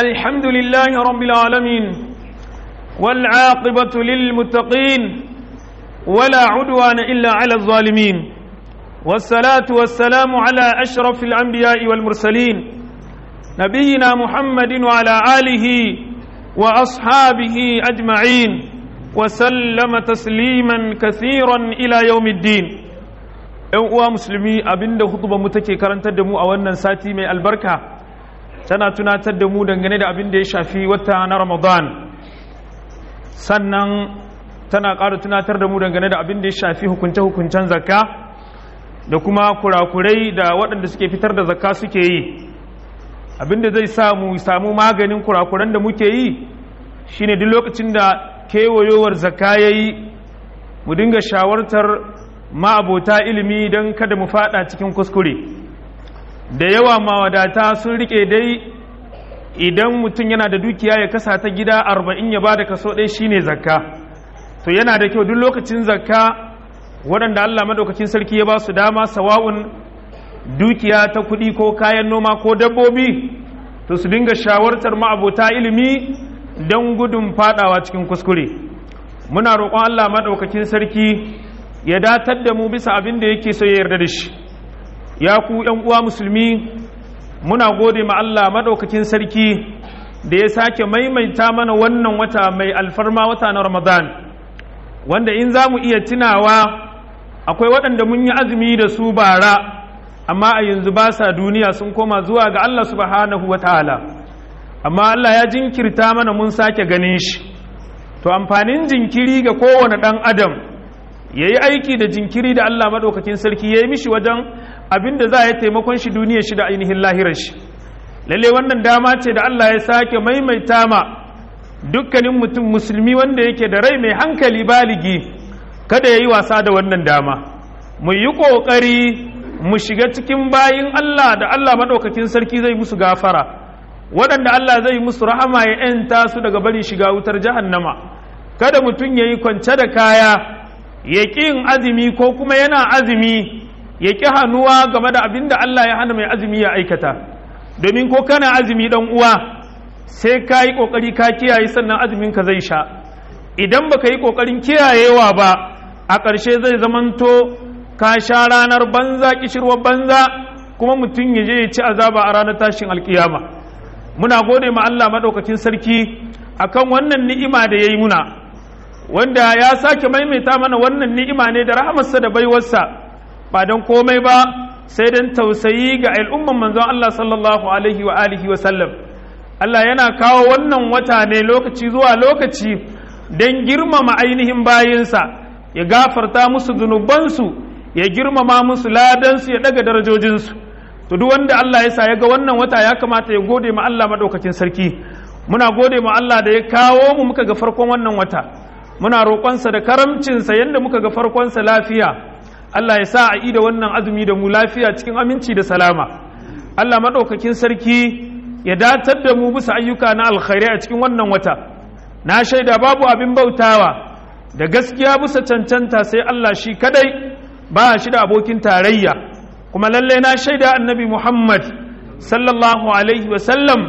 الحمد لله رب العالمين والعاقبة للمتقين ولا عدوان إلا على الظالمين والصلاة والسلام على أشرف الأنبياء والمرسلين نبينا محمد وعلى آله وأصحابه أجمعين وسلم تسليما كثيرا إلى يوم الدين أو مسلمي musulmi abinda hutuba mu take karantar da mu a wannan tana tunatar da mu dangane da abin da ya shafi wata na ramadan sannan tana ƙara tunatar da mu dangane da abin da ya shafi hukunce-hukuncen zakka da kuma kurakurai da waɗanda suke fitar da zakka suke yi abin da zai samu samu maganin kurakuran da muke yi shine duk lokacin da kewayowar zakka ya yi mu dinga shawartar ma'abota ilimi don kada mu faɗa cikin kuskure da yawa mawadata sun rike dai idan mutum yana da dukiya ya kasa ta gida arba'in ya ba da kaso ɗaya ne zakka to yana da kyau duk lokacin zakka waɗanda Allah Maɗaukakin sarki ya ba su dama sawa'un dukiya ta kuɗi ko kayan noma ko dabbobi to su dinga shawartar ma'abota ilimi don gudun faɗawa cikin kuskure muna roƙon Allah Maɗaukakin sarki ya datar da mu bisa abin da yake so ya yarda da shi ya ku ‘yan uwa musulmi muna gode ma Allah maɗaukakin sarki da ya sake maimaita mana wannan wata mai alfarma wata na Ramadan wanda in za mu iya tunawa akwai waɗanda mun yi azumi da su bara amma a yanzu ba sa duniya sun koma zuwa ga Allah subhanahu wa ta'ala amma Allah ya jinkirta mana mun sake ganin shi to amfanin jinkiri ga kowane ɗan adam ya yi aiki da jinkiri da Allah maɗaukakin sarki ya yi mishi wajen abinda za a yi taimakon shi duniyar shi da ainihin lahirar shi lalle wannan dama ce da Allah ya sake maimaita ma dukkanin mutum musulmi wanda yake da rai mai hankali baligi kada ya yi wasa da wannan dama mu yi ƙoƙari mu shiga cikin bayin Allah da Allah maɗaukakin sarki zai musu gafara waɗanda Allah zai musu rahama ya ‘yanta su daga barin shiga wutar jahannama kada mutum ya yi kwance da kaya ya ƙin azumi ko kuma yana azumi ya ƙi hannuwa game da abin da Allah ya hana mai azumi ya aikata domin ko kana azumi dan uwa sai ka yi ƙoƙari ka kiyaye sannan azumin ka zai sha idan baka yi ƙoƙarin kiyayewa ba a ƙarshe zai zamanto ka sha ranar banza kishirwar banza kuma mutum ya je ya ci azaba a ranar tashin alkiyama muna gode ma Allah maɗaukakin sarki akan wannan ni'ima da ya yi muna wanda ya sake maimaita mana wannan ni'ima ne da rahamarsa da baiwarsa ba don komai ba sai don tausayi ga al'umman manzon Allah sallallahu alaihi wa alihi wa sallam Allah yana kawo wannan wata ne lokaci zuwa lokaci don girmama ainihin bayinsa ya gafarta musu zunubansu ya girmama musu ladansu ya daga darajojinsu to wanda Allah ya sa ya ga wannan wata ya kamata ya gode ma Allah madaukakin sarki muna gode ma Allah da ya kawo mu muka ga farkon wannan wata muna roƙonsa da karamcinsa yadda muka ga farkonsa lafiya Allah ya sa a ida wannan azumi da mu lafiya cikin aminci da salama Allah maɗaukakin sarki ya datar da mu bisa ayyuka na alkhairi a cikin wannan wata na shaida babu abin bautawa da gaskiya bisa cancanta sai Allah shi kadai ba shi da abokin tarayya kuma lallai na shaida annabi Muhammad sallallahu alaihi wa sallam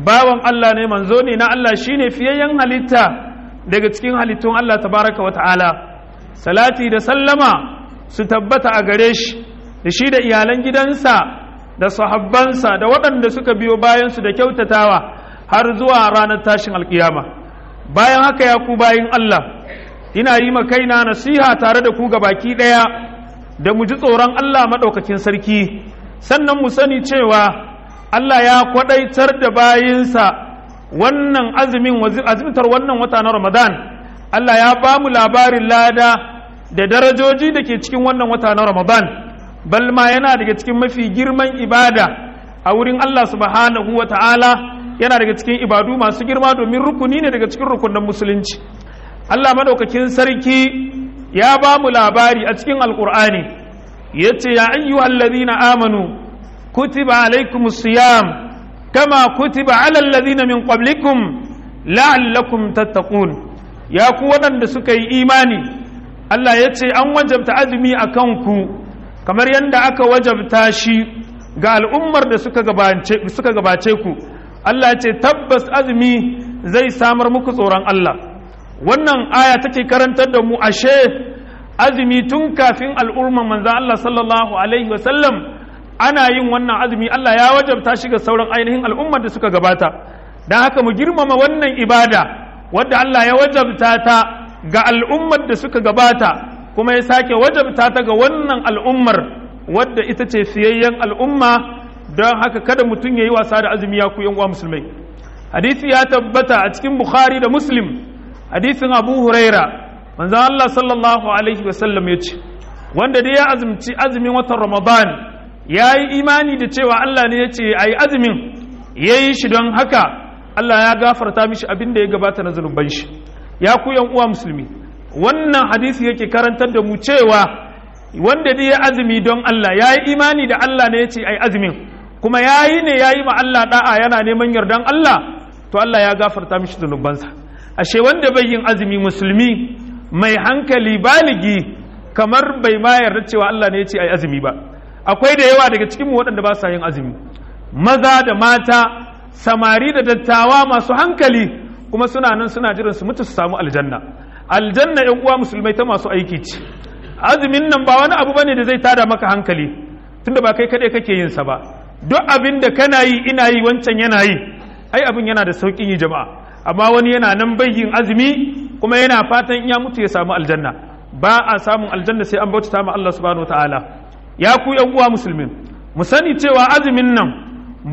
bawan Allah ne manzo ne na Allah shine fiyayyen halitta daga cikin halittun Allah tabaraka wa ta'ala salati da sallama su tabbata a gare shi da shi da iyalan gidansa da sahabbansa da waɗanda suka biyo bayansu da kyautatawa har zuwa ranar tashin alkiyama bayan haka ya ku bayan Allah ina yi ma kaina nasiha tare da ku baki ɗaya da mu ji tsoron Allah maɗaukakin sarki sannan mu sani cewa Allah ya kwaɗaitar da bayinsa wannan azumin wannan wata na Ramadan Allah ya ba mu labarin lada da darajoji da ke cikin wannan wata na ramadan balma yana daga cikin mafi girman ibada a wurin allah subhanahu wa ta'ala yana daga cikin ibadu masu girma domin rukuni ne daga cikin rukunin musulunci allah madaukakin sarki ya ba mu labari a cikin alkur'ani ya ce ya na amanu kutiba alaikum siyam kama kutiba alal ladina min qablikum la'allakum tattaqun ya ku waɗanda suka yi imani Allah ya ce an wajabta azumi a kanku kamar yadda aka wajabta shi ga al'ummar da suka gabace ku Allah ya ce tabbas azumi zai samar muku tsoron Allah wannan aya take karantar da mu ashe azumi tun kafin al'umman manzan Allah sallallahu alaihi wasallam ana yin wannan azumi Allah ya wajabta shi ga sauran ainihin al'ummar da suka gabata don haka mu girmama wannan ibada wadda Allah ya wajabta ta ga al'ummar da suka gabata kuma ya sake wajabta ta ga wannan al'ummar wadda ita ce siyayyen al'umma don haka kada mutum ya yi wasa da azumi ya ku uwa musulmai hadisi ya tabbata a cikin bukhari da muslim hadisin abu huraira manzon allah sallallahu alaihi wasallam ya ce wanda dai ya azumci azumin watan ramadan ya yi imani da cewa allah ne ya ce a yi azumin ya yi shi don haka allah ya gafarta mishi abin da ya gabata na zunubban shi ya ku yan uwa musulmi wannan hadisi yake karantar da mu cewa wanda dai ya azumi don Allah ya yi imani da Allah ne ya ce ai azumin kuma ya yi ne ya yi ma Allah da'a yana neman yardan Allah to Allah ya gafarta mishi zunubansa ashe wanda bai yin azumi musulmi mai hankali baligi kamar bai ma yarda cewa Allah ne ya ce ai azumi ba akwai da yawa daga cikin mu waɗanda ba sa yin azumi maza da mata samari da dattawa masu hankali kuma suna nan suna jiran su mutu su samu aljanna aljanna yan uwa musulmai ta masu aiki ce azumin nan ba wani abu bane da zai tada maka hankali tunda ba kai kadai kake yin sa ba duk abin da kana yi ina yi wancan yana yi ai abin yana da sauƙin yi jama'a amma wani yana nan bai yin azumi kuma yana fatan ya mutu ya samu aljanna ba a samun aljanna sai an bauta ma Allah subhanahu wataala ya ku yan uwa musulmin mu sani cewa azumin nan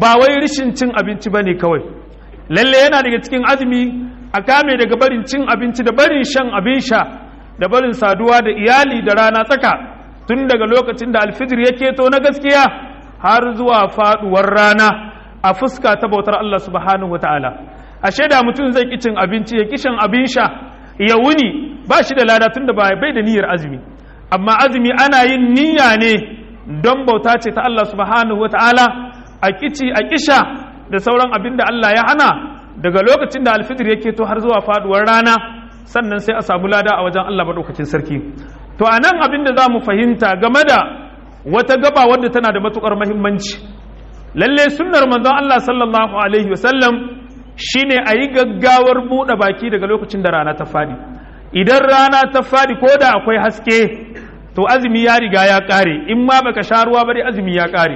ba wai rishin cin abinci bane kawai lalle yana daga cikin azumi a kame daga barin cin abinci da barin shan abin sha da barin saduwa da iyali da rana tsaka tun daga lokacin da alfijir ya keto na gaskiya har zuwa faduwar rana a fuska ta bautar Allah subhanahu wataala a da mutum zai kicin abinci ya kishan abin sha ya wuni ba shi da lada tun da bai da niyyar azumi amma azumi ana yin niyya ne don bauta ce ta Allah subhanahu wataala a kici a kisha da sauran abin da Allah ya hana daga lokacin da alfitir yake to har zuwa faduwar rana sannan sai a samu lada a wajen Allah maɗaukakin sarki to a nan abin da za mu fahimta game da wata gaba wadda tana da matukar mahimmanci lalle sunnar manzon Allah sallallahu alaihi wasallam shine a yi gaggawar buɗe baki daga lokacin da rana ta fadi idan rana ta fadi ko da akwai haske to azumi ya riga ya ƙare in ma baka sha ruwa ba dai azumi ya ƙare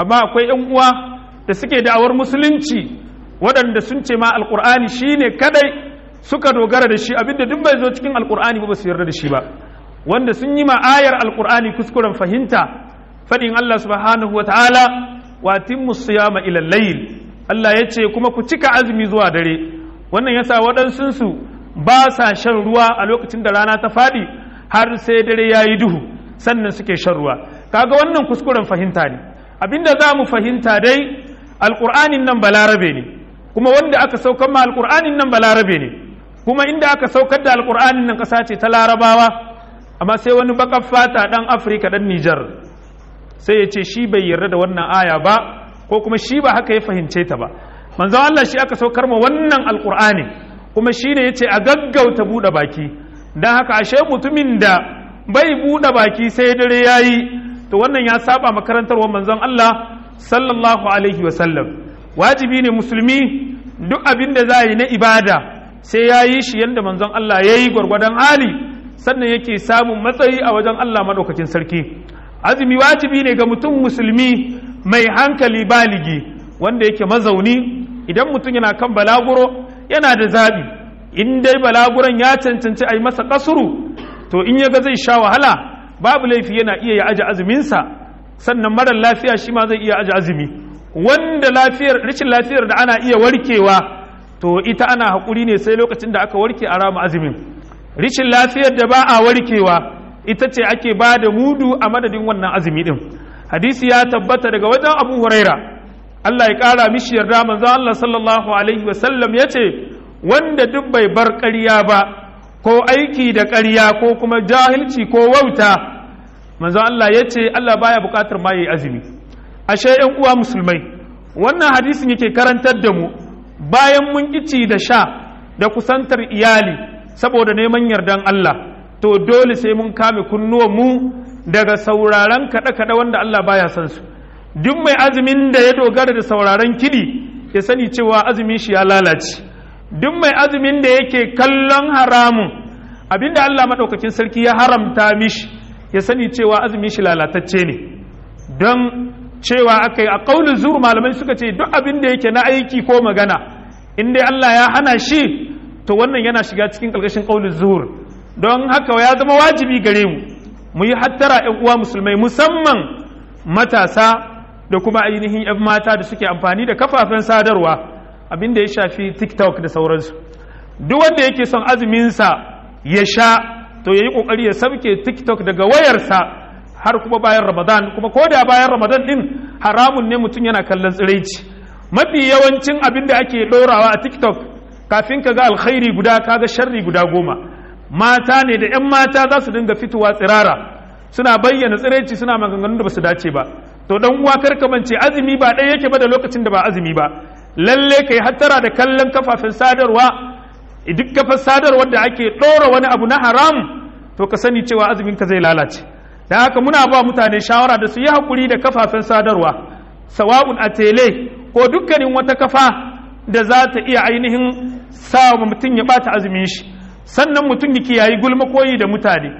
amma akwai 'yan uwa da suke da'awar musulunci waɗanda sun ce ma alkur'ani ne kadai suka dogara da shi abinda duk bai zo cikin alkur'ani ba su yarda da shi ba wanda sun yi ma'ayar ayar alkur'ani kuskuren fahimta faɗin Allah subhanahu wa ta'ala wa timmu siyama ila layl Allah ya ce kuma ku cika azumi zuwa dare wannan yasa waɗansu su ba sa shan ruwa a lokacin da rana ta faɗi har sai dare ya yi duhu sannan suke shan ruwa kaga wannan kuskuren fahimta ne abinda za mu fahimta dai Alƙur'anin nan balarabe ne kuma wanda aka saukar ma Alƙur'anin nan balarabe ne kuma inda aka saukar da Alƙur'anin nan ƙasa ce ta larabawa amma sai wani baƙar fata dan afirka dan nijar sai ya ce shi bai yarda da wannan aya ba ko kuma shi ba haka ya fahimce ta ba manzo Allah shi aka saukar ma wannan alqur'ani kuma shi ne yace a gaggauta buɗe baki dan haka ashe mutumin da bai buɗe baki sai dare yayi to wannan ya saba makarantarwar manzon Allah sallallahu alaihi wasallam wajibi ne musulmi duk abin da za yi na ibada sai ya yi shi yadda manzon Allah ya yi gwargwadon hali sannan yake samun matsayi a wajen Allah maɗaukakin sarki azumi wajibi ne ga mutum musulmi mai hankali baligi wanda yake mazauni idan mutum yana kan balaguro yana da zaɓi in dai balaguron ya cancanci a yi masa ƙasuru to in ya ga zai sha wahala babu laifi yana iya ya aji azuminsa sannan marar lafiya shi ma zai iya aji azumi wanda lafiyar rashin lafiyar da ana iya warkewa to ita ana haƙuri ne sai lokacin da aka warke a rama azumin rashin lafiyar da ba a warkewa ita ce ake ba da mudu a madadin wannan azumi din hadisi ya tabbata daga wajen abu huraira Allah ya ƙara mishi yarda manzo Allah sallallahu alaihi wa sallam yace wanda duk bai bar ƙarya ba ko aiki da ƙarya ko kuma jahilci ko wauta manzo Allah ya ce Allah baya bukatar ma yi azumi ashe 'yan uwa musulmai wannan hadisin yake karantar da mu bayan mun kici da sha da kusantar iyali saboda neman yardan Allah to dole sai mun kame kunnuwa mu daga sauraron kaɗe-kaɗe wanda Allah baya son su duk mai azumin da ya dogara da sauraron kidi ya sani cewa azumin shi ya lalace duk mai azumin da yake kallon haramun abinda Allah maɗaukakin sarki ya haramta mishi ya sani cewa azumin shi lalatacce ne don cewa aka yi a ƙaunin zuru malamai suka ce duk abin da yake na aiki ko magana in dai Allah ya hana shi to wannan yana shiga cikin ƙarƙashin ƙaunin zuhur don haka ya zama wajibi gare mu mu yi hattara ‘yan uwa musulmai musamman matasa da kuma ainihin ‘yan mata da suke amfani da kafafen sadarwa abin da ya shafi tiktok da sauransu duk wanda yake son azuminsa ya sha to ya yi kokari ya sabke tiktok daga wayarsa har kuma bayan ramadan kuma ko da bayan ramadan din haramun ne mutum yana kallon tsiraici mafi yawancin abin da ake ɗorawa a tiktok kafin ka ga alkhairi guda ka ga sharri guda goma mata ne da 'yan mata za su dinga fitowa tsirara suna bayyana tsiraici suna maganganun da ba su dace ba to dan uwa kar ka mance azumi ba ɗaya yake ba da lokacin da ba azumi ba lalle kai hattara da kallon kafafen sadarwa duk kafar sadarwar da ake ɗora wani abu na haram to ka sani cewa azumin ka zai lalace da haka muna ba mutane shawara da su yi hakuri da kafafen sadarwa sawa'un a tele ko dukkanin wata kafa da za ta iya ainihin sa mutum ya bata azumin shi sannan mutum ya kiyayi gulma koyi da mutane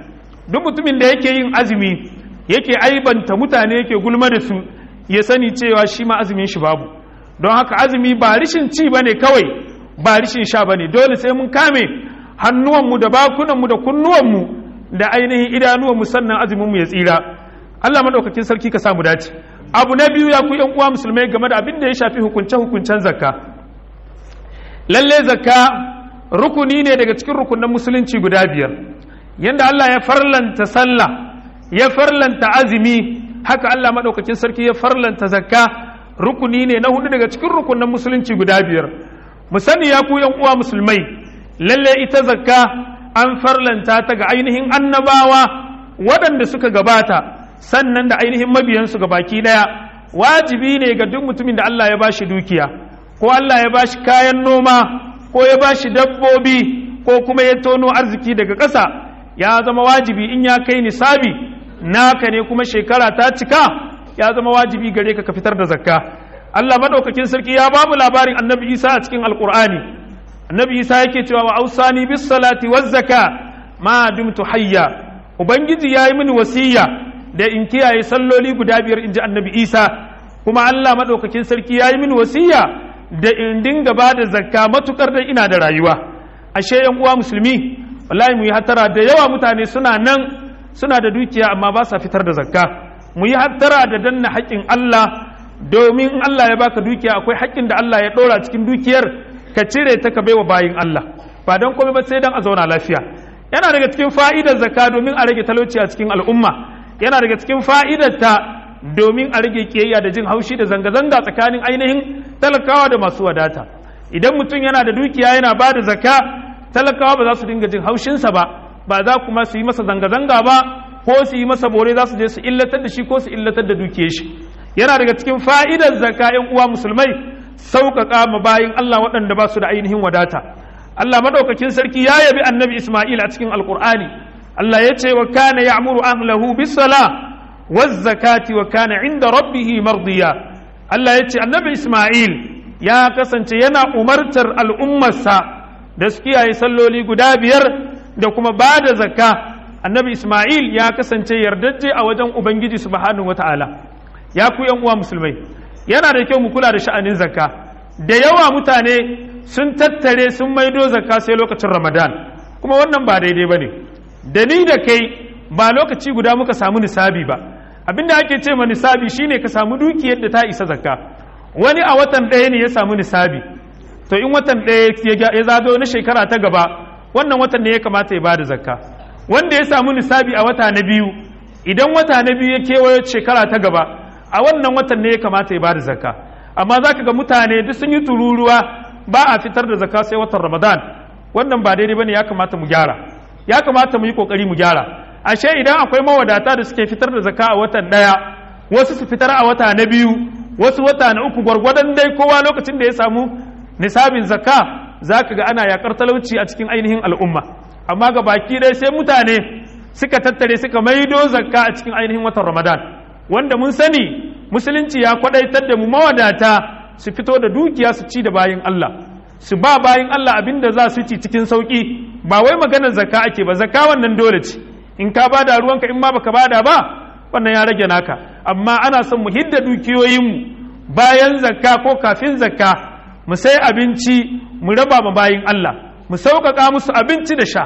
duk mutumin da yake yin azumi yake aibanta mutane yake gulma da su ya sani cewa shi ma azumin shi babu don haka azumi ba rishin ci bane kawai ba rishin sha ba ne dole sai mun kame hannuwanmu da bakunanmu da kunnuwanmu da ainihin idanuwanmu sannan azuminmu ya tsira Allah maɗaukakin sarki ka samu dace abu na biyu ya ku yan uwa musulmai game da abin da ya shafi hukunce hukuncen zakka lalle zakka rukuni ne daga cikin rukunan musulunci guda biyar yanda Allah ya farlanta sallah ya farlanta azumi haka Allah maɗaukakin sarki ya farlanta zakka rukuni ne na hudu daga cikin rukunan musulunci guda biyar mu sani ya ku yan uwa musulmai lalle ita zakka an farlanta ta ga ainihin annabawa waɗanda suka gabata sannan da ainihin mabiyansu ga baki ɗaya wajibi ne ga duk mutumin da Allah ya bashi dukiya ko Allah ya bashi kayan noma ko ya bashi dabbobi ko kuma ya tono arziki daga ƙasa ya zama wajibi in ya kai nisabi naka ne kuma shekara ta cika ya zama wajibi gare ka ka fitar da zakka Allah madaukakin sarki ya babu labarin annabi Isa a cikin alkur'ani annabi Isa yake cewa wa ausani bis salati waz zaka ma dumtu hayya ubangiji yi mini wasiya da in kiyaye salloli guda biyar inji annabi Isa kuma Allah madaukakin sarki ya yi mini wasiya da in dinga bada zakka matukar da ina da rayuwa ashe yan uwa musulmi wallahi mu yi hatara da yawa mutane suna nan suna da dukiya amma ba sa fitar da zakka mu yi hattara da danna haƙƙin Allah domin Allah ya baka dukiya akwai haƙƙin da Allah ya ɗora cikin dukiyar ka cire ta ka baiwa bayin Allah ba don komai ba sai don a zauna lafiya yana daga cikin fa'idar zaka domin a rage talauci a cikin al'umma yana daga cikin fa'idar ta domin a rage kiyayya da jin haushi da zanga-zanga tsakanin ainihin talakawa da masu wadata idan mutum yana da dukiya yana ba da zaka talakawa ba za su dinga jin haushinsa ba ba za kuma su yi masa zanga-zanga ba ko su yi masa bore za su je su illatar da shi ko su illatar da dukiyar shi yana daga cikin fa'idar zakka yan uwa musulmai sauƙaƙa ma bayin Allah waɗanda ba su da ainihin wadata Allah madaukakin sarki ya yabi annabi Isma'il a cikin alƙur'ani Allah ya ce wa kana ya'muru ahlahu bisala waz zakati wa kana inda rabbihi mardiya Allah ya ce annabi Isma'il ya kasance yana umartar al'ummarsa da su kiyaye salloli guda biyar da kuma ba da zakka annabi Isma'il ya kasance yardajje a wajen Ubangiji subhanahu wata'ala ya ku yan uwa musulmai yana da kyau mu kula da sha'anin zakka da yawa mutane sun tattare sun maido zakka sai lokacin ramadan kuma wannan ba daidai ba ne da ni da kai ba lokaci guda muka samu nisabi ba abinda ake ce ma nisabi shine ka samu dukiyar da ta isa zakka wani a watan ɗaya ne ya samu nisabi to in watan ɗaya ya zado na shekara ta gaba wannan watan ne ya kamata ya bada zakka wanda ya samu nisabi a wata na biyu idan wata na biyu ya kewayo shekara ta gaba a wannan watan ne ya kamata ya ba da zakka amma za ka ga mutane duk sun yi tururuwa ba a fitar da zaka sai watan ramadan wannan ba daidai ba ne ya kamata mu gyara ya kamata mu yi kokari mu gyara ashe idan akwai mawadata da suke fitar da zaka a watan daya wasu su fitar a wata na biyu wasu wata na uku gwargwadon dai kowa lokacin da ya samu nisabin zakka ka ga ana yakar talauci a cikin ainihin al'umma amma ga baki dai sai mutane suka tattare suka maido zakka a cikin ainihin watan ramadan wanda mun sani musulunci ya kwadaitar da mu mawadata su fito da dukiya su ci da bayin Allah su ba bayin Allah abin da za su ci cikin sauki ba wai maganar zakka ake ba zakka wannan dole ce in ka bada ruwanka in ma baka bada ba wannan ya rage naka amma ana son mu hidda dukiyoyin mu bayan zakka ko kafin zakka mu sai abinci mu raba ma bayin Allah mu sauƙaƙa musu abinci da sha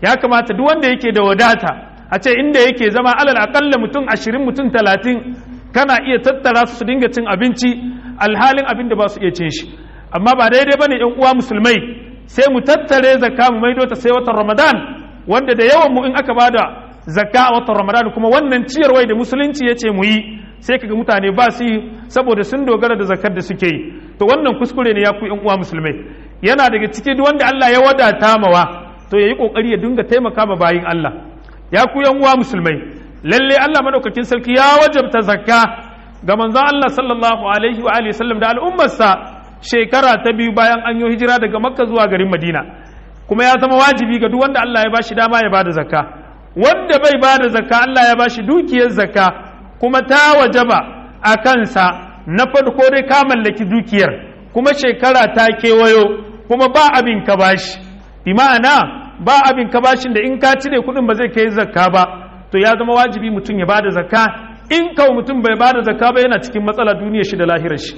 ya kamata duk wanda yake da wadata a ce inda yake zama alal akalla mutum ashirin mutum talatin kana iya tattara su su dinga cin abinci alhalin abin da ba su iya cin shi amma ba daidai ba ne yan uwa musulmai sai mu tattare zakka mu maido ta sai watan ramadan wanda da yawan mu in aka bada zakka a watan ramadan kuma wannan ciyarwai da musulunci ya ce mu yi sai kaga mutane ba su yi saboda sun dogara da zakar da suke yi to wannan kuskure ne ya ku yan uwa musulmai yana daga ciki wanda Allah ya wadata mawa to yayi kokari ya dinga taimaka ma bayin Allah ya ku yan uwa musulmai lalle Allah madaukakin sarki ya wajabta zakka ga manzon Allah sallallahu alaihi wa alihi sallam da al'ummarsa shekara ta biyu bayan an yi hijira daga Makka zuwa garin Madina kuma ya zama wajibi ga duk wanda Allah ya bashi dama ya bada zakka wanda bai bada zakka Allah ya bashi dukiyar zakka kuma ta wajaba a kansa na farko dai ka mallaki dukiyar kuma shekara ta kewayo kuma ba abin ka bashi bi ma'ana ba abin ka bashin da in ka cire kuɗin ba zai kai zakka ba to ya zama wajibi mutum ya bada zakka in ka mutum bai bada zakka ba yana cikin matsala duniyar shi da lahirar shi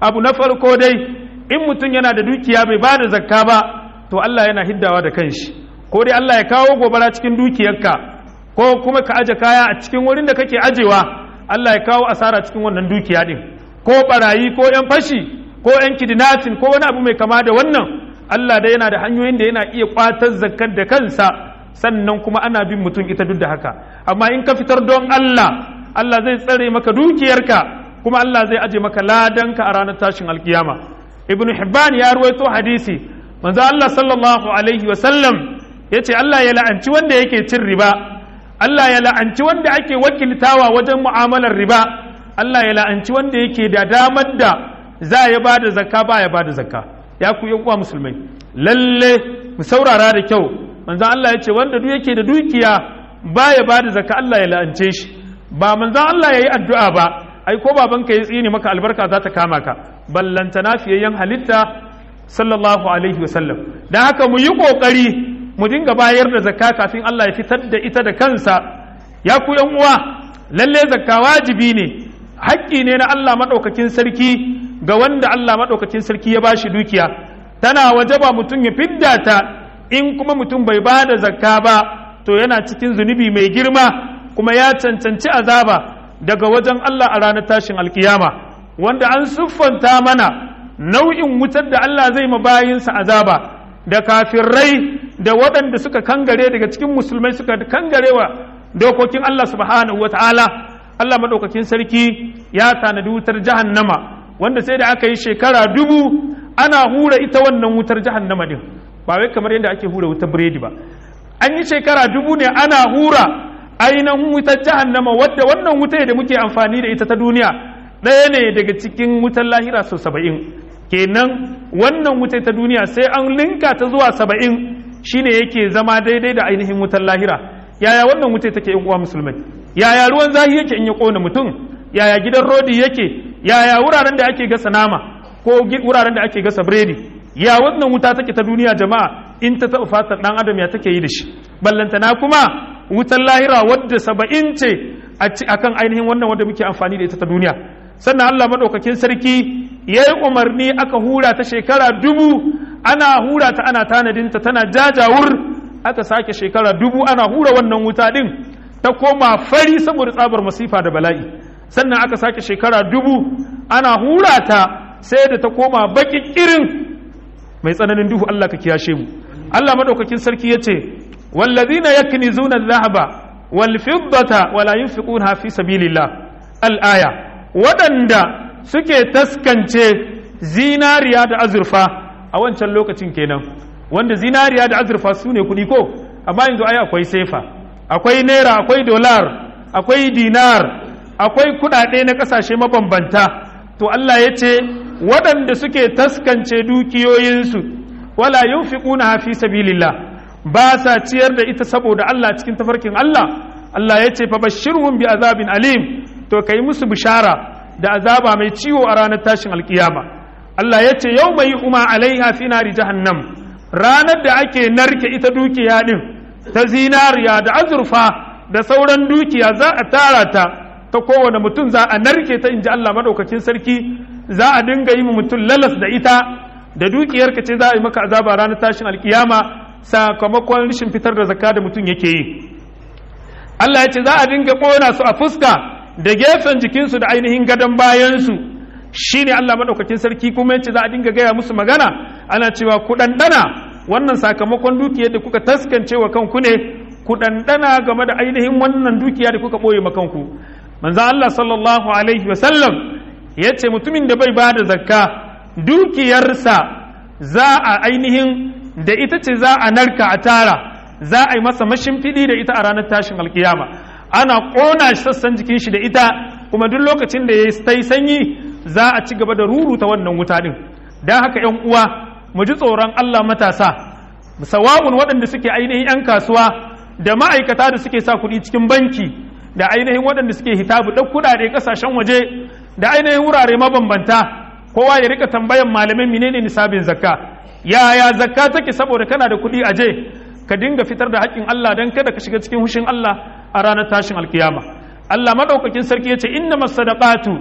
abu na farko dai in mutum yana da dukiya bai bada zakka ba to Allah yana hiddawa da kanshi ko dai Allah ya kawo gobara cikin dukiyarka ko kuma ka aje kaya a cikin wurin da kake ajewa Allah ya kawo asara cikin wannan dukiya din ko barayi ko yan fashi ko yan kidnapping ko wani abu mai kama da wannan Allah da yana da hanyoyin da yana iya kwatar zakkar da kansa sannan kuma ana bin mutum ita duk da haka amma in ka fitar don Allah Allah zai tsare maka dukiyarka kuma Allah zai aje maka ladanka a ranar tashin alkiyama ibn hibban ya ruwaito hadisi manzo Allah sallallahu alaihi wa sallam yace Allah ya la'anci wanda yake cin riba Allah ya la'anci wanda ake wakiltawa wajen mu'amalar riba Allah ya la'anci wanda yake da damar da za ya bada zakka ba ya bada zakka ya ku yan uwa musulmai lalle mu saurara da kyau manzan Allah ya ce wanda duk yake da dukiya ba baya da zaka Allah ya la'ance shi ba manzan Allah ya yi addu'a ba ai ko babanka ya tsini maka albarka za ta kama ka fiye fiyayyen halitta sallallahu alaihi wasallam dan haka mu yi kokari mu dinga bayar da zakka kafin Allah ya fitar da ita da kansa ya ku yan uwa lalle zakka wajibi ne haƙƙi ne na Allah madaukakin sarki ga wanda Allah maɗaukacin sarki ya ba shi dukiya tana waje ba mutum ya fidda ta in kuma mutum bai ba da zakka ba to yana cikin zunubi mai girma kuma ya cancanci azaba daga wajen Allah a ranar tashin alkiyama wanda an siffanta mana nau'in wutar da Allah zai ma bayinsa azaba da kafirai da waɗanda suka kangare daga cikin musulmai suka kangarewa dokokin Allah subhanahu wa ta'ala Allah maɗaukakin sarki ya tanadi wutar jahannama wanda sai da aka yi shekara dubu ana hura ita wannan wutar jahannama din ba wai kamar yadda ake hura wutar biredi ba an yi shekara dubu ne ana hura ainihin wutar jahannama wadda wannan wuta da muke amfani da ita ta duniya ɗaya ne daga cikin wutar lahira sau saba'in kenan wannan wutar ta duniya sai an linka ta zuwa saba'in shine yake zama daidai da ainihin wutar lahira yaya wannan wutar take yin uwa musulmai yaya ruwan zahi yake in ya kona mutum yaya gidan rodi yake yaya wuraren da ake gasa nama ko wuraren da ake gasa biredi ya wannan wuta take ta duniya jama'a in ta taɓa fatar ɗan adam ya take yi da shi ballantana kuma wutan lahira wadda saba'in ce a kan ainihin wannan wadda muke amfani da ita ta duniya sannan allah maɗaukakin sarki ya yi umarni aka hura ta shekara dubu ana hura ta ana tanadin ta tana jajawur aka sake shekara dubu ana hura wannan wuta ɗin ta koma fari saboda tsabar masifa da bala'i sannan aka sake shekara dubu ana hura ta sai da ta koma baƙi irin mai tsananin duhu Allah ka kiyashe mu Allah madaukakin sarki ya ce wallazina yaknizuna dhahaba wal fiddata wala yunfiquna fi sabilillah al aya waɗanda suke taskance zinariya da azurfa a wancan lokacin kenan wanda zinariya da azurfa su ne kuɗi ko amma yanzu ai akwai sefa akwai naira akwai dolar akwai dinar akwai kuɗaɗe na ƙasashe mabambanta to Allah ya ce waɗanda suke taskance dukiyoyinsu wala yau fi sabilillah ba sa ciyar da ita saboda Allah cikin tafarkin Allah Allah ya ce fa bashirhum bi azabin alim to kai musu bishara da azaba mai ciwo a ranar tashin alkiyama Allah ya ce yau mai huma alaiha fi nari jahannam ranar da ake narke ita dukiya din ta zinariya da azurfa da sauran dukiya za a tara ta ta kowane mutum za a narke ta in ji Allah madaukakin sarki za a dinga yi mutum lalas da ita da dukiyar ka ce za a yi maka azaba ranar tashin alkiyama sakamakon rashin fitar da zakka da mutum yake yi Allah ya ce za a dinga kona su a fuska da gefen jikinsu da ainihin gadon bayansu shi shine Allah madaukakin sarki kuma yace za a dinga gaya musu magana ana cewa ku ɗanɗana wannan sakamakon dukiyar da kuka taskance wa kanku ne ku ɗanɗana game da ainihin wannan dukiya da kuka ɓoye kanku. manzo Allah sallallahu alaihi ya ce mutumin da bai ba da zakka dukiyarsa za a ainihin da ita ce za a narka a tara za a yi masa mashimfiɗi da ita a ranar tashin alkiyama ana ƙona sassan jikin shi da ita kuma duk lokacin da ya yi sanyi za a ci gaba da ruruta wannan wuta ɗin don haka yan uwa mu ji tsoron Allah matasa sawa'un waɗanda suke ainihin 'yan kasuwa da ma'aikata da suke sa kuɗi cikin banki da ainihin waɗanda suke hitabu ɗan kuɗaɗe ƙasashen waje da ainihin wurare mabambanta kowa ya rika tambayan malamin menene nisabin zakka yaya zakka take saboda kana da kuɗi aje ka dinga fitar da haƙƙin Allah dan kada ka shiga cikin hushin Allah a ranar tashin alkiyama Allah madaukakin sarki yace innamas sadaqatu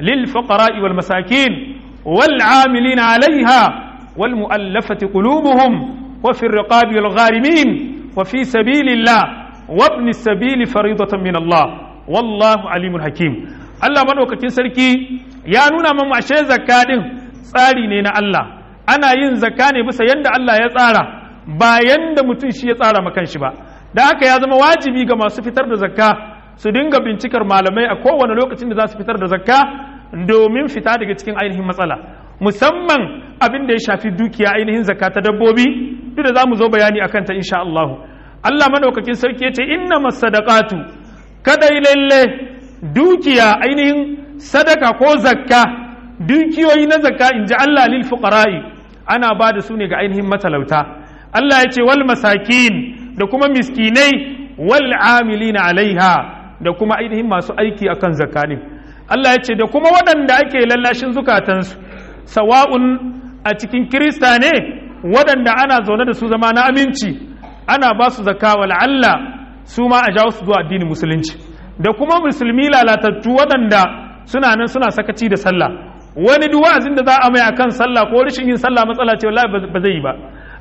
lil fuqara'i wal masakin wal 'amilina 'alayha wal mu'allafati qulubuhum wa fil riqabi wal gharimin wa fi sabilillah wabni sabili faridatan min Allah wallahu alimul hakim Allah madaukakin sarki ya nuna mamu ashe zakka din tsari ne na Allah ana yin zakka ne bisa yadda Allah ya tsara ba yanda mutum shi ya tsara makan shi ba da haka ya zama wajibi ga masu fitar da zakka su dinga bincikar malamai a kowane lokacin da za su fitar da zakka domin fita daga cikin ainihin matsala musamman abin da ya shafi dukiya ainihin zaka ta dabbobi duk da za mu zo bayani akan ta insha Allah madaukakin sarki yace inna masadaqatu kadai lalle dukiya ainihin sadaka ko zakka dukiyoyi na zakka in ji Allah lil fuqara'i ana ba da su ne ga ainihin matalauta Allah ya ce wal masakin da kuma miskinai wal amilina alaiha da kuma ainihin masu aiki akan zakka ne Allah ya ce da kuma waɗanda ake lallashin zukatansu sawa'un a cikin kirista ne waɗanda ana zaune da su zama na aminci ana ba su zakka wal'alla su ma a jawo su zuwa addinin musulunci da kuma musulmi lalatattu waɗanda suna nan suna sakaci da sallah wani duk wa'azin da za a mai akan sallah ko rashin yin sallah matsala ce wallahi ba zai yi ba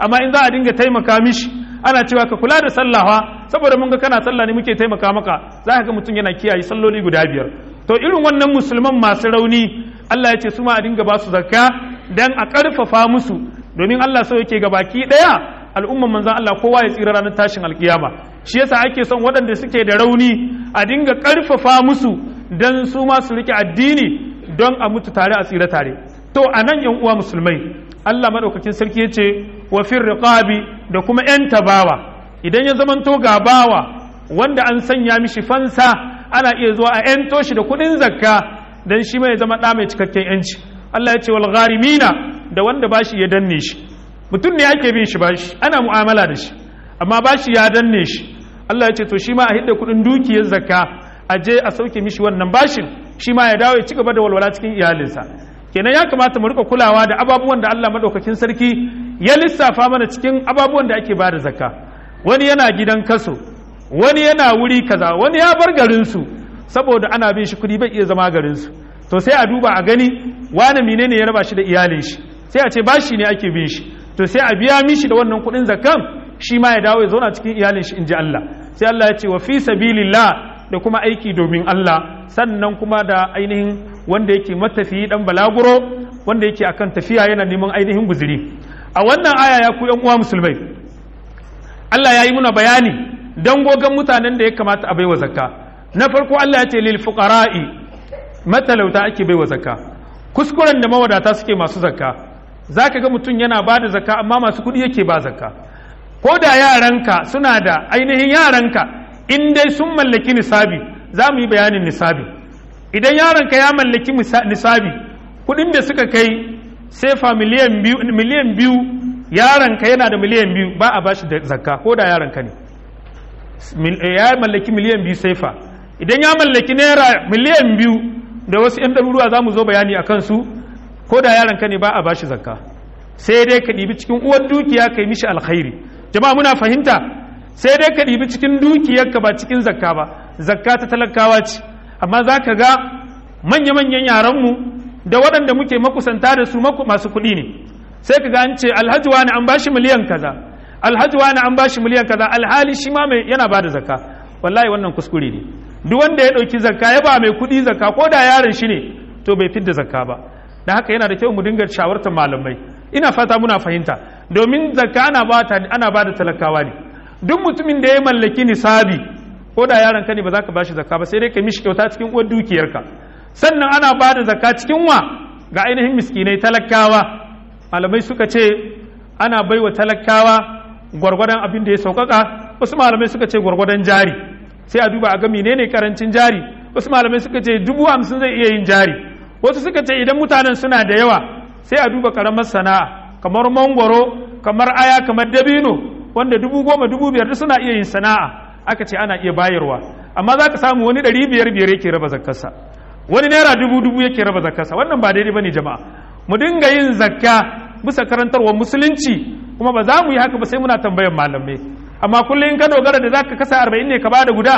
amma in za a dinga taimaka mishi ana cewa ka kula da sallawa saboda mun ga kana sallah ne muke taimaka maka za ka ga mutum yana kiyaye salloli guda biyar to irin wannan musulman masu rauni Allah ya ce su ma a dinga ba su zakka dan a karfafa musu domin Allah so yake ga baki ɗaya. al'umman manzan Allah kowa ya tsira ranar tashin alkiyama shi yasa ake son waɗanda suke da rauni a dinga ƙarfafa musu don su ma su rike addini don a mutu tare a tsira tare to a nan yan uwa musulmai Allah maɗaukakin sarki ya ce wa fir da kuma yan tabawa idan ya zamanto ga bawa wanda an sanya mishi fansa ana iya zuwa a yanto shi da kuɗin zakka don shi mai zama ɗa mai cikakken yanci Allah ya ce wal gharimina da wanda ba shi ya danne shi mutum ne ake bin shi bashi ana mu'amala da shi amma bashi ya danne shi Allah ya ce to shi ma a hidda kudin dukiyar zakka a je a sauke mishi wannan bashin shi ma ya dawo ya cigaba da walwala cikin iyalinsa kenan ya kamata mu rika kulawa da ababuwan da Allah madaukakin sarki ya lissafa mana cikin ababuwan da ake bada zakka wani yana gidan kaso wani yana wuri kaza wani ya bar garin su saboda ana bin shi kudi bai iya zama garin su to sai a duba a gani wani menene ya raba shi da iyalin shi sai a ce bashi ne ake bin shi to sai a biya mishi da wannan kuɗin zakan shi ma ya dawo ya zauna cikin iyalin shi in ji Allah sai Allah ya ce wa fi sabilillah da kuma aiki domin Allah sannan kuma da ainihin wanda yake matafiyi dan balaguro wanda yake akan tafiya yana neman ainihin guziri a wannan aya ya ku yan uwa musulmai Allah ya yi muna bayani dan gogon mutanen da ya kamata a baiwa zakka na farko Allah ya ce lil fuqara'i matalauta ake baiwa zakka kuskuren da mawadata suke masu zakka za ka ga mutum yana ba da zakka amma masu kuɗi yake ba zakka ko da yaranka suna da ainihin yaranka in dai sun mallaki nisabi za mu yi bayanin nisabi idan yaranka ya mallaki nisabi kuɗin da suka kai sefa miliyan biyu yaranka yana da miliyan biyu ba a bashi da zakka ko da yaranka ne eh, ya mallaki miliyan biyu sefa idan ya mallaki naira miliyan biyu da wasu 'yan ɗaruruwa za mu zo bayani a kansu ko da yaron ka ne ba a bashi zakka sai dai ka ɗibi cikin uwar dukiya ka yi mishi alkhairi jama'a muna fahimta sai dai ka ɗibi cikin dukiyarka ba cikin zakka ba zakka ta talakawa ce amma za ka ga manya-manyan yaranmu da waɗanda muke makusanta da su masu kuɗi ne sai ka ga an ce alhaji wani an bashi miliyan kaza alhaji wani an bashi miliyan kaza alhali shi ma mai yana bada zakka wallahi wannan kuskure ne duk wanda ya ɗauki zakka ya ba mai kuɗi zakka ko da yaron shi ne to bai fidda zakka ba da haka yana da kyau mu dinga shawartar malamai ina fata muna fahimta domin zaka ana ba ana ba da talakawa ne duk mutumin da ya mallaki nisabi ko da yaron ka ne ba za ka bashi zakka ba sai dai ka mishi kyauta cikin uwar dukiyarka sannan ana ba da zakka cikin wa ga ainihin miskinai talakawa malamai suka ce ana baiwa talakawa gwargwadon abin da ya saukaka wasu malamai suka ce gwargwadon jari sai a duba a ga menene karancin jari wasu malamai suka ce dubu hamsin zai iya yin jari wasu suka ce idan mutanen suna da yawa sai a duba karamar sana'a kamar mangoro kamar aya kamar dabino wanda dubu goma dubu biyar suna iya yin sana'a aka ce ana iya bayarwa amma za ka samu wani ɗari biyar biyar yake raba zakkarsa wani naira dubu dubu yake raba zakkarsa wannan ba daidai bane jama'a mu dinga yin zakka bisa karantarwar musulunci kuma ba za mu yi haka ba sai muna tambayan malamai amma kullum ka dogara da zaka kasa arba'in ne ka bada guda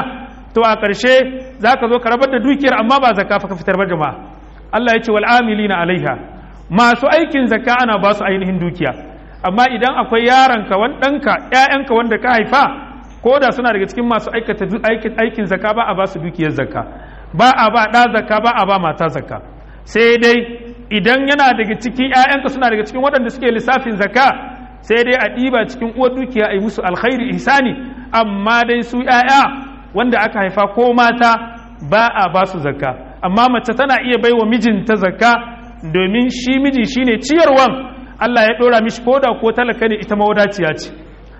to a ƙarshe za ka zo ka rabar da dukiyar amma ba zakka fa ka fitar ba jama'a Allah ya ce wal amilina alaiha masu aikin zaka ana ba su ainihin dukiya amma idan akwai yaranka wani ɗanka ƴaƴanka wanda ka haifa ko da suna daga cikin masu aikata aikin zakka ba a ba su dukiyar zakka ba a ba ɗa zakka ba a ba mata zakka sai dai idan yana daga cikin ƴaƴanka suna daga cikin waɗanda suke lissafin zaka sai dai a ɗiba cikin uwar dukiya a yi musu alkhairi ihsani amma dai su ƴaƴa wanda aka haifa ko mata ba a ba su zakka amma mace tana iya bai wa mijinta zaka domin shi miji shine ciyarwan Allah ya dora mishi da ko talaka ne ita mawadaciya ce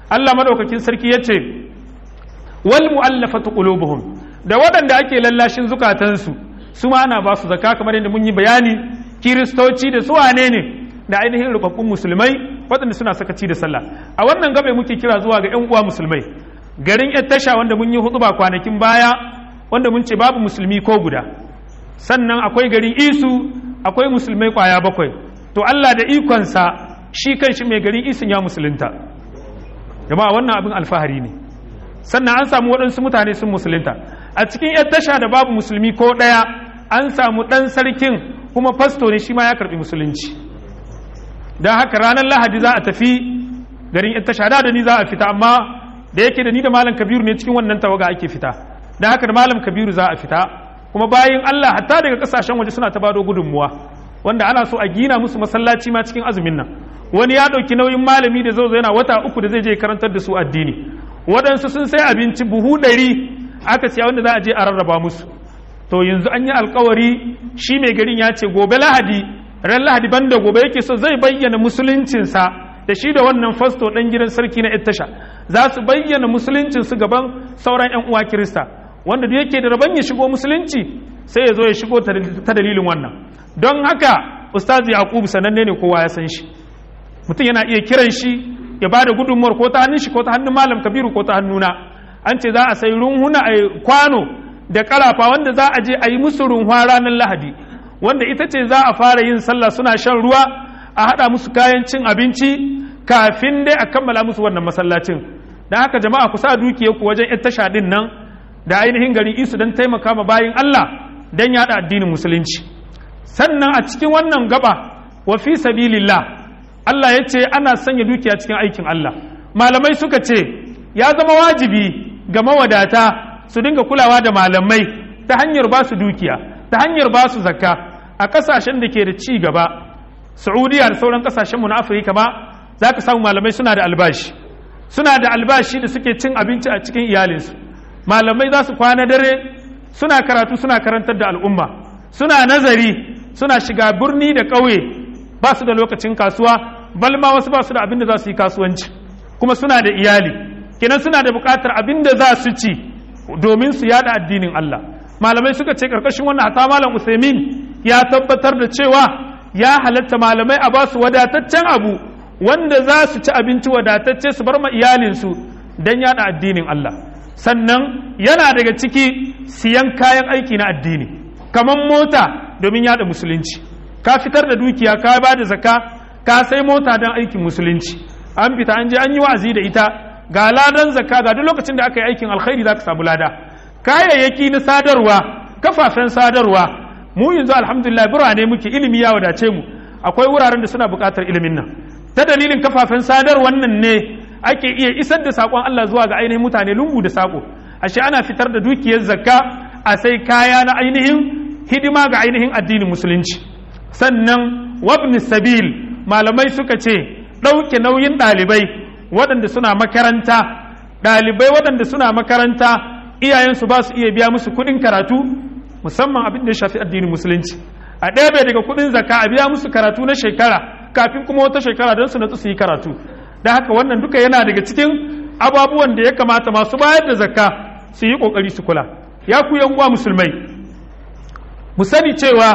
Allah madaukakin sarki ya ce wal mu'allafatu qulubuhum da waɗanda ake lallashin zukatansu su ma ana ba su zakka kamar yadda mun yi bayani kiristoci da su wane ne da ainihin rubabbun musulmai waɗanda suna sakaci da sallah a wannan gabe muke kira zuwa ga yan uwa musulmai garin yan tasha wanda mun yi hutuba kwanakin baya wanda mun ce babu musulmi ko guda sannan akwai gari isu akwai musulmai kwaya bakwai to Allah da ikonsa shi kan shi mai gari isun ya musulunta jama'a wannan abin alfahari ne sannan an samu waɗansu mutane sun musulunta a cikin yar tasha da babu musulmi ko ɗaya an samu ɗan sarkin kuma fasto ne shi ma ya karɓi musulunci don haka ranar lahadi za a tafi garin yan tasha da da ni za a fita amma da yake da ni da malam kabiru ne cikin wannan tawaga ake fita don haka da malam kabiru za a fita kuma bayan Allah hatta daga kasashen waje suna ta bado gudunmuwa wanda ana so a gina musu masallaci ma cikin azumin nan wani ya ɗauki nauyin malami da zai yana wata uku da zai je karantar da su addini waɗansu sun sai abinci buhu ɗari aka siya wanda za a je a rarraba musu to yanzu an yi alkawari shi mai garin ya ce gobe lahadi ran lahadi banda gobe yake so zai bayyana musuluncinsa da shi da wannan fasto ɗan gidan sarki na ittasha za su bayyana musuluncin su gaban sauran 'yan uwa kirista wanda duk yake da rabon ya shigo musulunci sai ya zo ya shigo ta dalilin wannan don haka ustazi yaqubu sananne ne kowa ya san shi mutum yana iya kiran shi ya ba da gudunmuwar ko ta hannun shi ko ta hannun malam kabiru ko ta hannuna an ce za a sai runhuna a kwano da karafa wanda za a je a yi musu runhuwa ranar lahadi wanda ita ce za a fara yin sallah suna shan ruwa a haɗa musu kayan cin abinci kafin dai a kammala musu wannan masallacin don haka jama'a ku sa dukiyarku wajen 'yan tasha ɗin nan da ainihin garin isu don taimaka ma bayin Allah don yaɗa addinin musulunci sannan a cikin wannan gaba wa fi sabilillah Allah ya ce ana sanya dukiya cikin aikin Allah malamai suka ce ya zama wajibi ga mawadata su dinga kulawa da malamai ta hanyar ba su dukiya ta hanyar ba su zakka a kasashen da ke da ci gaba saudiya da sauran kasashenmu na afirka ba za ka samu malamai suna da albashi suna da albashi da suke cin abinci a cikin iyalinsu malamai za su kwana dare suna karatu suna karantar da al'umma suna nazari suna shiga birni da ƙauye ba su da lokacin kasuwa balma wasu ba su da abin da za su yi kasuwanci kuma suna da iyali kenan suna da buƙatar abin da za su ci domin su yada addinin Allah malamai suka ce karkashin wannan hata malam Usaimin ya tabbatar da cewa ya halatta malamai a ba su wadataccen abu wanda za su ci abinci wadatacce su bar ma iyalinsu don yada addinin Allah sannan yana daga ciki siyan kayan aiki na addini kamar mota domin yada musulunci ka fitar da dukiya ka ba da zaka ka sai mota don aikin musulunci an fita an je an yi wa'azi da ita ga ladan zaka ga duk lokacin da aka yi aikin alkhairi zaka samu lada kayayyaki na sadarwa kafafen sadarwa mu yanzu alhamdulillah birane muke ilimi ya wadace mu akwai wuraren da suna buƙatar ilimin nan ta dalilin kafafen sadarwar nan ne ake iya isar da saƙon Allah zuwa ga ainihin mutane lungu da saƙo ashe ana fitar da dukiyar zakka a sai kaya na ainihin hidima ga ainihin addinin musulunci sannan wabni sabil malamai suka ce ɗauke nauyin ɗalibai waɗanda suna makaranta ɗalibai waɗanda suna makaranta iyayensu ba su iya biya musu kuɗin karatu musamman abin da ya shafi addinin musulunci a ɗaya daga kuɗin zakka a biya musu karatu na shekara kafin kuma wata shekara don su natsu su yi karatu don haka wannan duka yana daga cikin ababuwan da ya kamata masu bayar da zakka su yi kokari su kula ya ku uwa musulmai mu sani cewa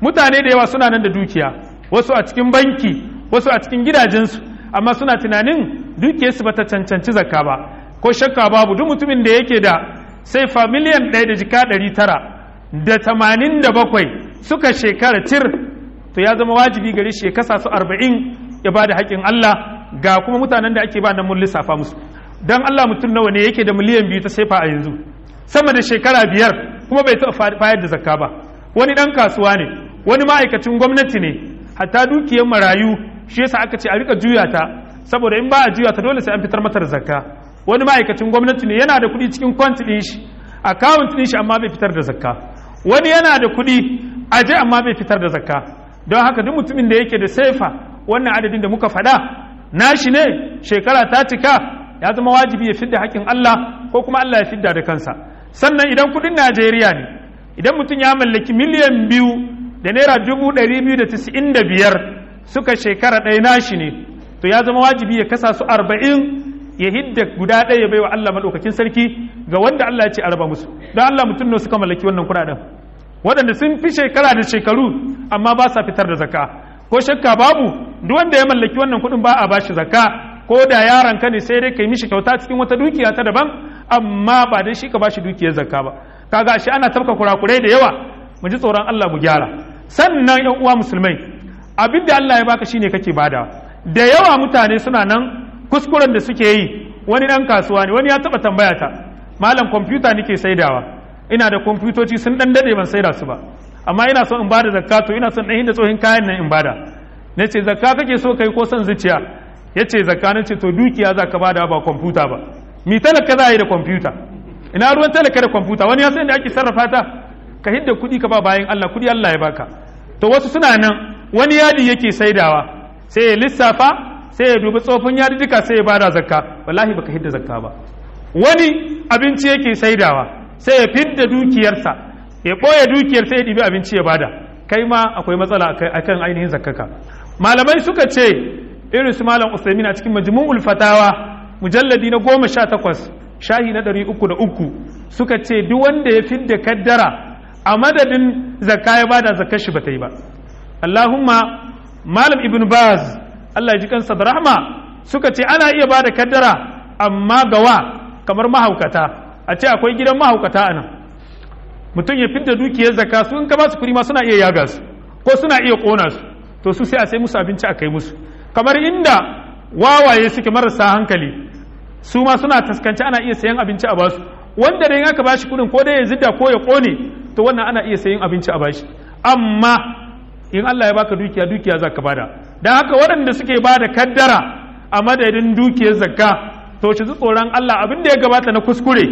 mutane da yawa suna nan da dukiya wasu a cikin banki wasu a cikin gidajensu amma suna tunanin dukiyarsu ta cancanci zakka ba ko shakka babu duk mutumin da yake da sai fa miliyan ɗaya da jika ɗari tara da tamanin da bakwai suka shekara tir to ya zama wajibi gare shi ya kasa su arba'in ya ba da haƙƙin Allah ga kuma mutanen da ake ba nan mun lissafa musu dan Allah mutum nawa ne yake da miliyan biyu ta sefa a yanzu sama da shekara biyar kuma bai taɓa bayar da zakka ba wani dan kasuwa ne wani ma'aikacin gwamnati ne hatta dukiyar marayu shi yasa aka ce a rika juya ta saboda in ba a juya ta dole sai an fitar mata da zakka wani ma'aikacin gwamnati ne yana da kuɗi cikin kwant ɗin shi akawunt ɗin shi amma bai fitar da zakka wani yana da kuɗi aje amma bai fitar da zakka don haka duk mutumin da yake da sefa wannan adadin da muka faɗa nashi ne shekara ta cika ya zama wajibi ya fidda haƙƙin Allah ko kuma Allah ya fidda da kansa sannan idan kuɗin Najeriya ne idan mutum ya mallaki miliyan biyu da naira dubu ɗari biyu da tisa'in da biyar suka shekara ɗaya nashi ne to ya zama wajibi ya kasa su arba'in ya hidda guda ɗaya ya baiwa Allah maɗaukakin sarki ga wanda Allah ya ce araba musu don Allah mutum ne suka mallaki wannan kuɗaɗen waɗanda sun fi shekara da shekaru amma ba sa fitar da zakka ko shakka babu duk wanda ya mallaki wannan kuɗin ba a bashi zakka ko da yaron ka ne sai dai kai mishi kyauta cikin wata dukiya ta daban amma ba dan shi ka bashi dukiyar zakka ba kaga shi ana tafka kurakurai da yawa mu ji tsoron Allah mu gyara sannan yan uwa musulmai abin da Allah ya baka shine kake bada da yawa mutane suna nan kuskuren da suke yi wani dan kasuwa ne wani ya taba tambaya ta malam kwamfuta nake saidawa ina da kwamfutoci sun dan dade ban saida su ba amma ina so in bada zakka to ina son dan da tsohin kayan nan in bada na ce zakka kake so kai ko son zuciya ya ce zaka na ce to dukiya za ka bada ba kwamfuta ba mi talaka za a yi da kwamfuta ina ruwan talaka da kwamfuta wani ya san da ake sarrafa ta ka hidda kuɗi ka ba bayan Allah kuɗi Allah ya baka to wasu suna nan wani yadi yake saidawa sai ya lissafa sai ya dubi tsofin yadi duka sai ya bada zakka wallahi baka hidda zakka ba wani abinci yake saidawa sai ya fidda dukiyarsa ya boye dukiyar sai ya ɗibi abinci ya bada kai ma akwai matsala akan ainihin zakkaka malamai suka ce irin su malam usaimina cikin majmu'ul ulfatawa mujalladi na goma sha takwas shahi na ɗari uku da uku suka ce duk wanda ya fidda kaddara a madadin zakka ya bada zakka shi ta yi ba allahumma malam ibn baz allah ji kansa da rahma suka ce ana iya bada kaddara amma gawa kamar mahaukata a ce akwai gidan mahaukata a nan mutum ya fidda dukiyar Zaka su in ka ba su kuri ma suna iya yaga ko suna iya konas to su sai a sai musu abinci a kai musu kamar inda wawaye suke marasa hankali su ma suna taskanci ana iya sayan abinci a basu wanda da aka bashi kudin ko dai ya zidda ko ya kone to wannan ana iya sayan abinci a bashi amma in Allah ya baka dukiya dukiya zaka bada dan haka waɗanda suke bada kaddara a madadin dukiyar zakka to ci tsoron Allah abin da ya gabata na kuskure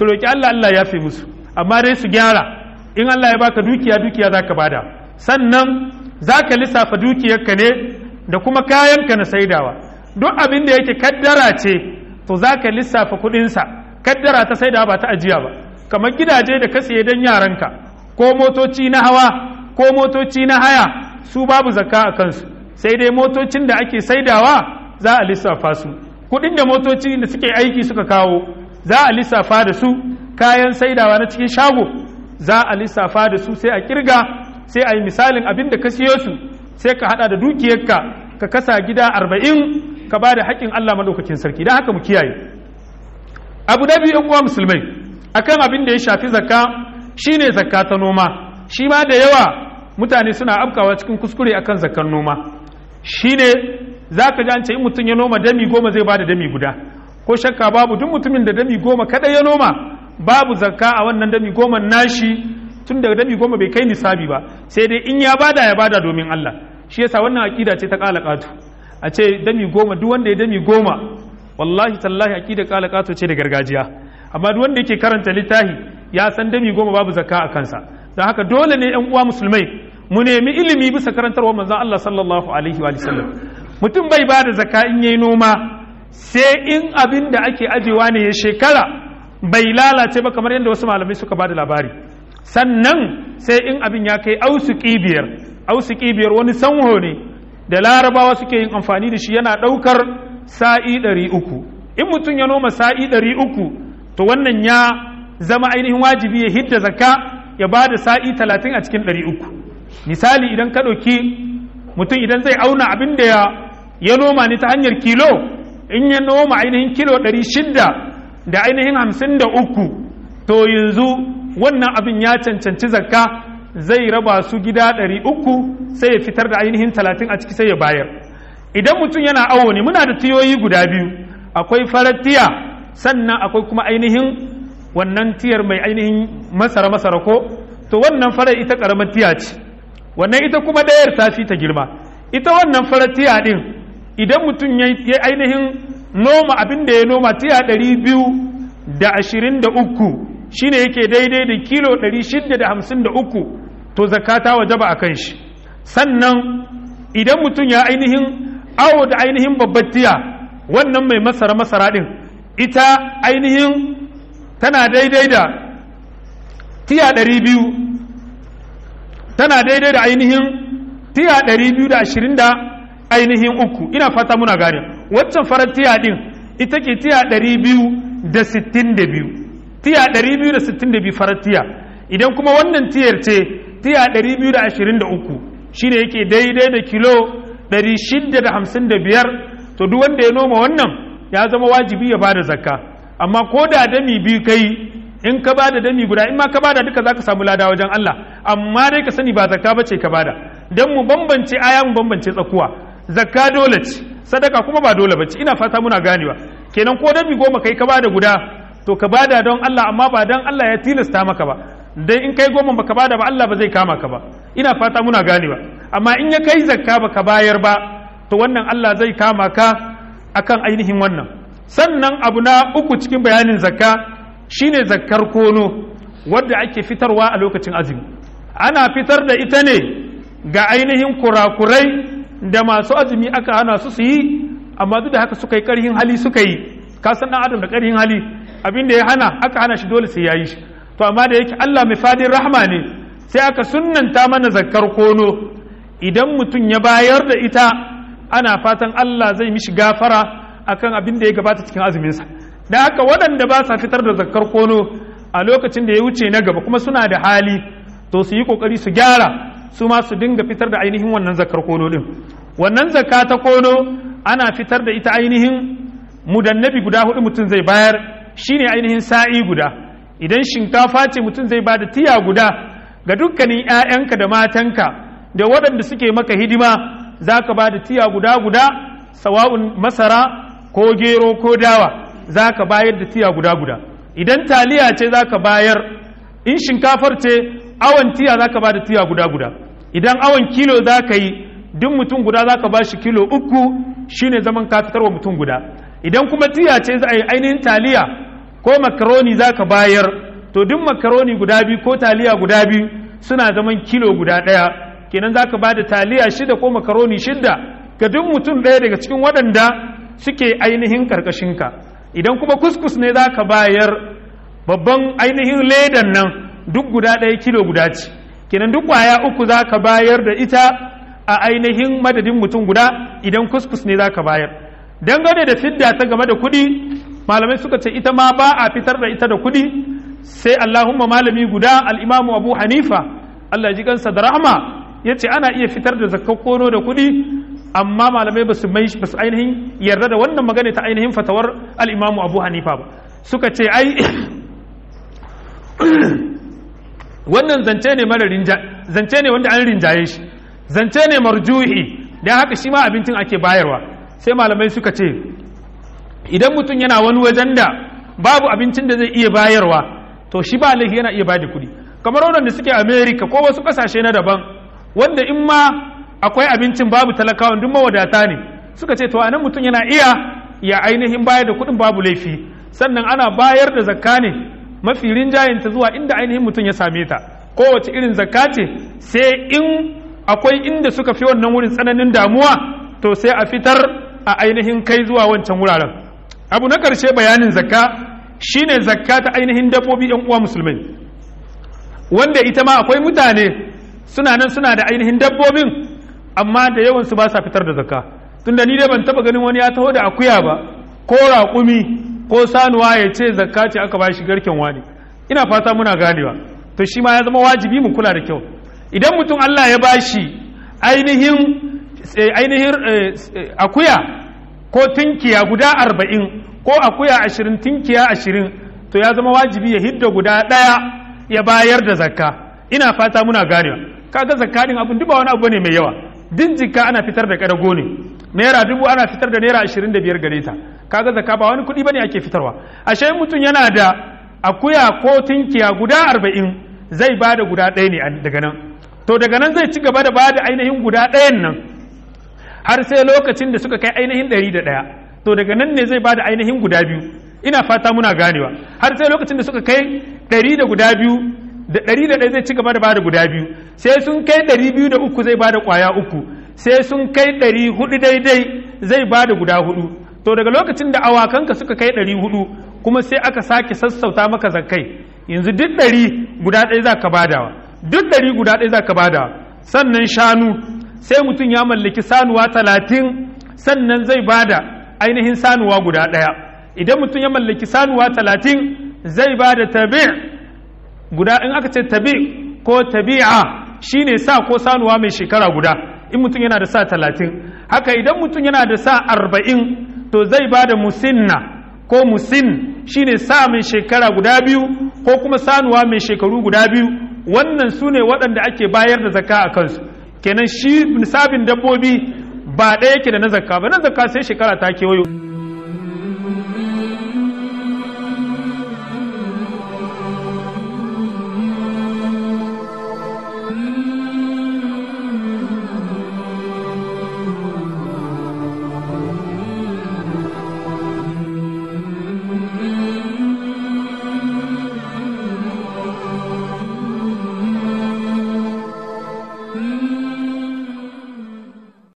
su roki Allah Allah ya fi musu amma dai su gyara in Allah ya baka dukiya dukiya zaka bada sannan za ka lissafa dukiyarka ne da kuma kayanka na saidawa duk abin da yake kaddara ce to za ka lissafa kuɗinsa kaddara ta saidawa ba ta ajiya ba kamar gidaje da ka siye don yaranka ko motoci na hawa ko motoci na haya su babu zaka a kansu sai dai motocin da ake saidawa za a lissafa su kuɗin da motoci da suke aiki suka kawo za a lissafa da su kayan saidawa na cikin shago za a lissafa da su sai a kirga sai a yi misalin abin da ka siyo su sai ka hada da dukiyarka ka kasa gida arba'in ka ba da haƙƙin Allah maɗaukakin sarki don haka mu kiyaye abu da biyu uwa musulmai akan abin da ya shafi zakka shine zakka ta noma shi ma da yawa mutane suna afkawa cikin kuskure akan zakkan noma shine za ka ji an ce in mutum ya noma dami goma zai ba da dami guda ko shakka babu duk mutumin da dami goma kaɗai ya noma babu zakka a wannan dami goma nashi tun daga dabi goma bai kai nisabi ba sai dai in ya bada ya bada domin Allah shi yasa wannan aqida ce ta kala katu a ce dami goma duk wanda ya dami goma wallahi tallahi aqida kala katu ce da gargajiya amma duk wanda yake karanta littafi ya san dami goma babu zakka a kansa don haka dole ne yan uwa musulmai mu nemi ilimi bisa karantarwa manzon Allah sallallahu alaihi wa sallam mutum bai bada zakka in yayi noma sai in abin da ake ajewa ne ya shekara bai lalace ba kamar yadda wasu malamai suka bada labari sannan sai in abin ya kai ausu ƙibiyar ausu ƙibiyar wani sanho ne da larabawa suke yin amfani da shi yana ɗaukar sa'i ɗari uku in mutum ya noma sa'i ɗari uku to wannan ya zama ainihin wajibi ya hidda zakka ya ba da sa'i talatin a cikin ɗari uku misali idan ka ɗauki mutum idan zai auna abin da ya noma ne ta hanyar kilo in ya noma ainihin kilo ɗari shida da ainihin hamsin da uku to yanzu wannan abin ya cancanci zakka zai raba su gida ɗari sai ya fitar da ainihin talatin a ciki sai ya bayar idan mutum yana awo ne muna da tiyoyi guda biyu akwai farar tiya sannan akwai kuma ainihin wannan tiyar mai ainihin masara masara ko to wannan farar ita karamar tiya ce wannan ita kuma ɗayar ta fi ta girma ita wannan farar tiya ɗin idan mutum ya yi ainihin noma abin da ya noma tiya ɗari biyu da ashirin da uku shine yake daidai da kilo 653 to zakata wajaba akan shi sannan idan mutum ya ainihin awo da ainihin babbar tiya wannan mai masara masara din ita ainihin tana daidai da tiya 200 tana daidai da ainihin tiya 220 da ainihin uku ina fata muna gane waccan farar tiya din ita ke tiya 262 tiya 262 farar tiya idan kuma wannan tiyar ce tiya 223 shine yake daidai da kilo 655 to duk wanda ya noma wannan ya zama wajibi ya bada zakka amma ko da dami biyu kai in ka bada dami guda in ma ka bada duka zaka samu lada wajen Allah amma dai ka sani ba zakka bace ka bada dan mu bambance aya mu bambance tsakuwa zakka dole ce sadaka kuma ba dole bace ina fata muna ganewa kenan ko dami goma kai ka bada guda to ka bada don Allah amma ba don Allah ya tilasta maka ba dan in kai goma baka bada ba Allah ba zai kama ka ba ina fata muna gane ba amma in ya kai zakka baka bayar ba to wannan Allah zai kama ka akan ainihin wannan sannan abu na uku cikin bayanin zakka shine zakkar kono wadda ake fitarwa a lokacin azumi ana fitar da ita ne ga ainihin kurakurai da masu azumi aka hana su su yi amma duk da haka suka yi karhin hali suka yi ka san dan adam da karhin hali abin da ya hana aka hana shi dole sai ya yi shi to amma da yake Allah mai fadin rahma ne sai aka sunnanta mana zakkar kono idan mutum ya bayar da ita ana fatan Allah zai mishi gafara akan abin da ya gabata cikin azumin sa dan haka waɗanda ba sa fitar da zakkar kono a lokacin da ya wuce na gaba kuma suna da hali to su yi kokari su gyara su ma su dinga fitar da ainihin wannan zakar kono din wannan zakka ta kono ana fitar da ita ainihin mudannabi guda hudu mutum zai bayar shine ainihin sa'i guda idan shinkafa ce mutum zai bada tiya guda ga dukkanin 'ya'yanka da matanka da waɗanda suke maka hidima za ka ba da tiya guda guda sawa'un masara ko gero ko dawa za ka bayar da tiya guda guda idan taliya ce za ka bayar in shinkafar ce awon tiya za ka ba da tiya guda guda idan awon kilo za ka yi duk mutum guda za ka ba shi kilo uku shine zaman ka fitarwa mutum guda idan kuma tiya ce za a yi ainihin taliya ko makaroni za ka bayar to duk makaroni guda biyu ko taliya guda biyu suna zaman kilo guda ɗaya kenan za ka ba da taliya shida ko makaroni shida ga duk mutum ɗaya daga cikin waɗanda suke ainihin ƙarƙashinka idan kuma kuskus ne za ka bayar babban ainihin ledan nan duk guda ɗaya kilo guda ci kenan duk waya uku za ka bayar da ita a ainihin madadin mutum guda idan kuskus ne za ka bayar dangane da fidda ta game da kuɗi malamai suka ce ita ma ba a fitar da ita da kuɗi sai allahumma malami guda al'imamu abu hanifa allah ji kansa da rahama ya ce ana iya fitar da zakar da kuɗi amma malamai ba su ainihin yarda da wannan magana ta ainihin fatawar al'imamu abu hanifa ba suka ce ai wannan zance ne mara zance ne wanda an rinjaye shi zance ne marjuhi da haka shi ma abincin ake bayarwa sai malamai suka ce idan mutum yana wani wajen da babu abincin da zai iya bayarwa to shi ba laifi yana iya da kuɗi kamar waɗanda suke Amerika ko wasu ƙasashe na daban wanda in ma akwai abincin babu talakawan duk mawadata ne suka ce to anan mutum yana iya ya ainihin bayar da kuɗin babu laifi sannan ana bayar da zakka ne mafi rinjayenta zuwa inda ainihin mutum ya same ta kowace irin zakka ce sai in akwai inda suka fi wannan wurin tsananin damuwa to sai a fitar a ainihin kai zuwa wancan wuraren abu na ƙarshe bayanin zakka shine zakka ta ainihin dabbobi yan uwa musulmai wanda ita ma akwai mutane suna nan suna da ainihin dabbobin amma da yawan su ba sa fitar da zakka tunda ni dai ban taba ganin wani ya taho da akuya ba ko raƙumi ko sanuwa ya ce zakka ce aka ba shi garken wani ina fata muna ganewa to shi ma ya zama wajibi mu kula da kyau idan mutum Allah ya bashi ainihin eh, ainihin eh, eh, akuya ko tinkiya guda arba'in ko akuya ashirin tinkiya ashirin to ya zama wajibi ya hidda guda ɗaya ya bayar da zakka ina fata muna ganewa kaga zakka din abin duba wani abu ne mai yawa dinjika ana fitar da kadago ne naira dubu ana fitar da naira ashirin da biyar gare ta kaga zakka ba wani kuɗi bane ake fitarwa ashe mutum yana da akuya ko tinkiya guda arba'in zai ba guda ɗaya ne daga nan to daga nan zai ci gaba da bada ainihin guda ɗayan nan har sai lokacin da suka kai ainihin ɗari da ɗaya to daga nan ne zai bada ainihin guda biyu ina fata muna ganewa har sai lokacin da suka kai ɗari da guda biyu da ɗari da ɗaya zai ci gaba da bada guda biyu sai sun kai ɗari biyu da uku zai bada ƙwaya uku sai sun kai ɗari hudu daidai zai bada guda hudu to daga lokacin da awakanka suka kai ɗari hudu kuma sai aka sake sassauta maka zakai yanzu duk ɗari guda ɗaya za ka badawa duk ɗari guda ɗaya za ka badawa sannan shanu sai mutum ya mallaki sanuwa talatin sannan zai ba da ainihin sanuwa guda ɗaya idan mutum ya mallaki sanuwa talatin zai ba da tabi' guda in aka ce tabi' ko tabi'a shine sa ko sanuwa mai shekara guda in mutum yana da sa talatin haka idan mutum yana da sa arba'in to zai ba da musinna ko musin shine sa mai shekara guda biyu ko kuma sanuwa mai shekaru guda biyu wannan su ne waɗanda ake bayar da zaka a kansu kenan shi misabin dabbobi ba ɗaya yake da na zakka ba na zakka sai shekara ta kewayo